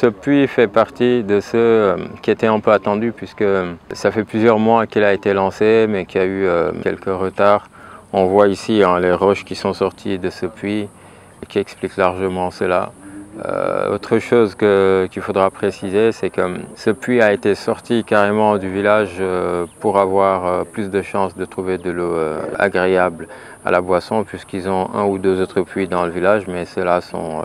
Ce puits fait partie de ceux euh, qui étaient un peu attendus puisque euh, ça fait plusieurs mois qu'il a été lancé mais qu'il y a eu euh, quelques retards. On voit ici hein, les roches qui sont sorties de ce puits qui expliquent largement cela. autre chose qu'il faudra préciser, c'est que ce puits a été sorti carrément du village pour avoir plus de chances de trouver de l'eau agréable à la boisson, puisqu'ils ont un ou deux autres puits dans le village, mais ceux-là sont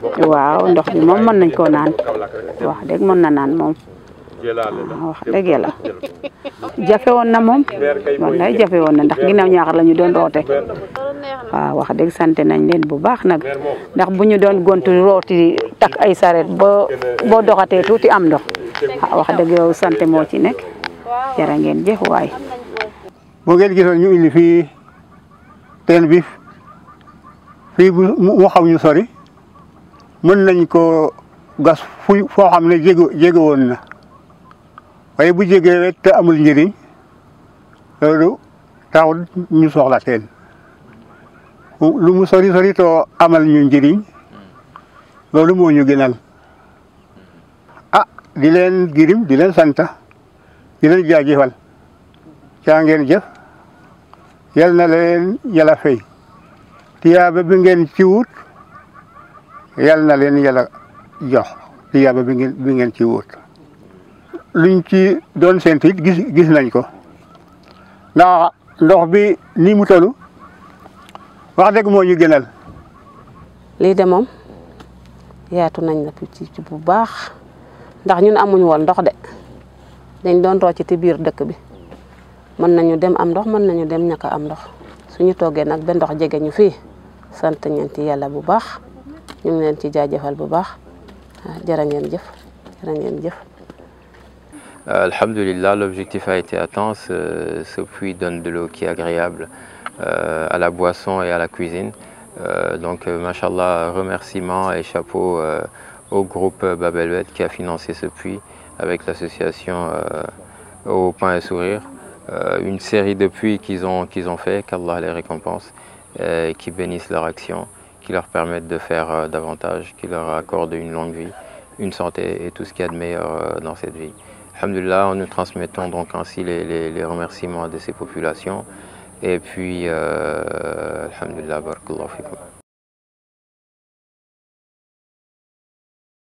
waaw ndox bi moom mën nañ koo naan wax dëgg mën na naan moom wax dëgg yàlla jafe woon na moom wallaay jafe woon na ndax ginnaaw ñaaxar la ñu doon roote waaw wax dëgg sante nañ leen bu baax nag ndax bu ñu doon gontu rooti tak ay saret boo boo doxatee tuuti am ndox ah, wax dëgg yow sant moo ci nekk jërë ngeen jëf waay boo gisoon ñu indi fii teen bi fii mu xaw ñu sori mën nañ ko gas fu fo xamne jégué jégué won na waaye bu jégué rek té amul njëriñ lolu taw ñu soxla teen lu mu sori sori to amal ñu njëriñ lolu mo ñu gënal ah di leen girim di leen santa di leen jaajëfal ca ngeen jëf yal na leen yalla fay tiyaaba bi ngeen ci wut yal na len yalla jox tiyaaba bi ngeen bi ngeen ci wut luñ ci doon seentu gis gis nañ ko na ndox bi ni mu tolu wax deg mo ñu gënal li de mom yaatu nañ la ci ci bu baax ndax ñun amuñ woon ndox de dañ doon rocc ci biir dekk bi man nañu dem am ndox man nañu dem ñaka am ndox suñu toge nak ben ndox jege ñu fi sant ñeenti yalla bu baax l'objectif a été atteint. Ce, puits donne de l'eau qui est agréable euh, à la boisson et à la cuisine. Euh, donc, euh, machallah, remerciements et chapeau au groupe Babelwet qui a financé ce puits avec l'association Au Pain et Sourire. une série de puits qu'ils ont, qu'ils ont fait, qu'Allah les récompense et qui bénissent leur action qui leur permettent de faire euh, davantage, qui leur accordent une longue vie, une santé et tout ce qu'il y a de meilleur euh, dans cette vie. Alhamdulillah, nous transmettons donc ainsi les, remerciements de ces populations. Et puis, euh, Alhamdulillah, barakallahu